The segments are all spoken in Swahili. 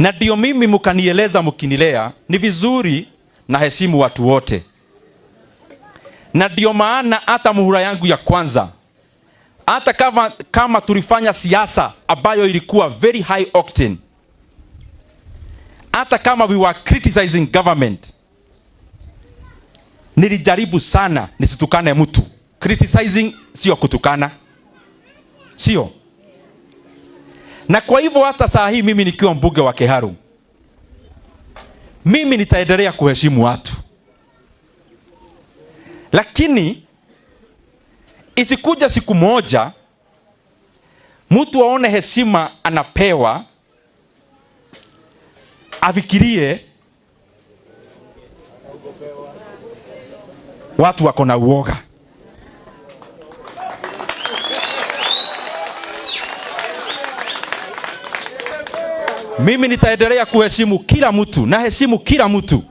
na ndio mimi mkanieleza mkinilea, ni vizuri na heshimu watu wote, na ndio maana hata muhula yangu ya kwanza, hata kama, kama tulifanya siasa ambayo ilikuwa very high octane, hata kama we were criticizing government, nilijaribu sana nisitukane mtu. Criticizing sio kutukana, sio na kwa hivyo hata saa hii mimi nikiwa mbunge wa Kiharu, mimi nitaendelea kuheshimu watu, lakini isikuja siku moja mtu aone heshima anapewa, afikirie watu wako na uoga. Mimi nitaendelea kuheshimu kila mtu, naheshimu kila mtu,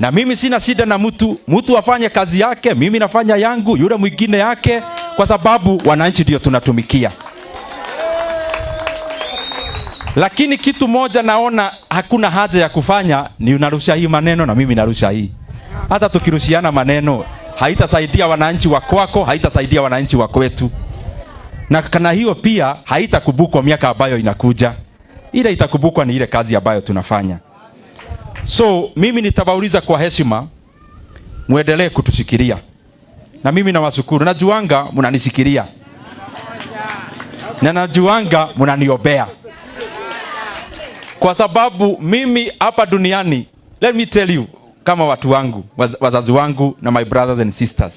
na mimi sina shida na mtu. Mtu afanye kazi yake, mimi nafanya yangu, yule mwingine yake, kwa sababu wananchi ndio tunatumikia. Lakini kitu moja naona hakuna haja ya kufanya ni unarusha hii maneno na mimi narusha hii. Hata tukirushiana maneno haitasaidia wananchi wa kwako, haitasaidia wananchi wa kwetu, na kana hiyo pia haitakumbukwa miaka ambayo inakuja ila itakumbukwa ni ile kazi ambayo tunafanya. So mimi nitabauliza kwa heshima, muendelee kutushikilia na mimi nawashukuru, najuanga mnanishikilia na najuanga mnaniombea kwa sababu mimi hapa duniani, let me tell you, kama watu wangu, wazazi wangu na my brothers and sisters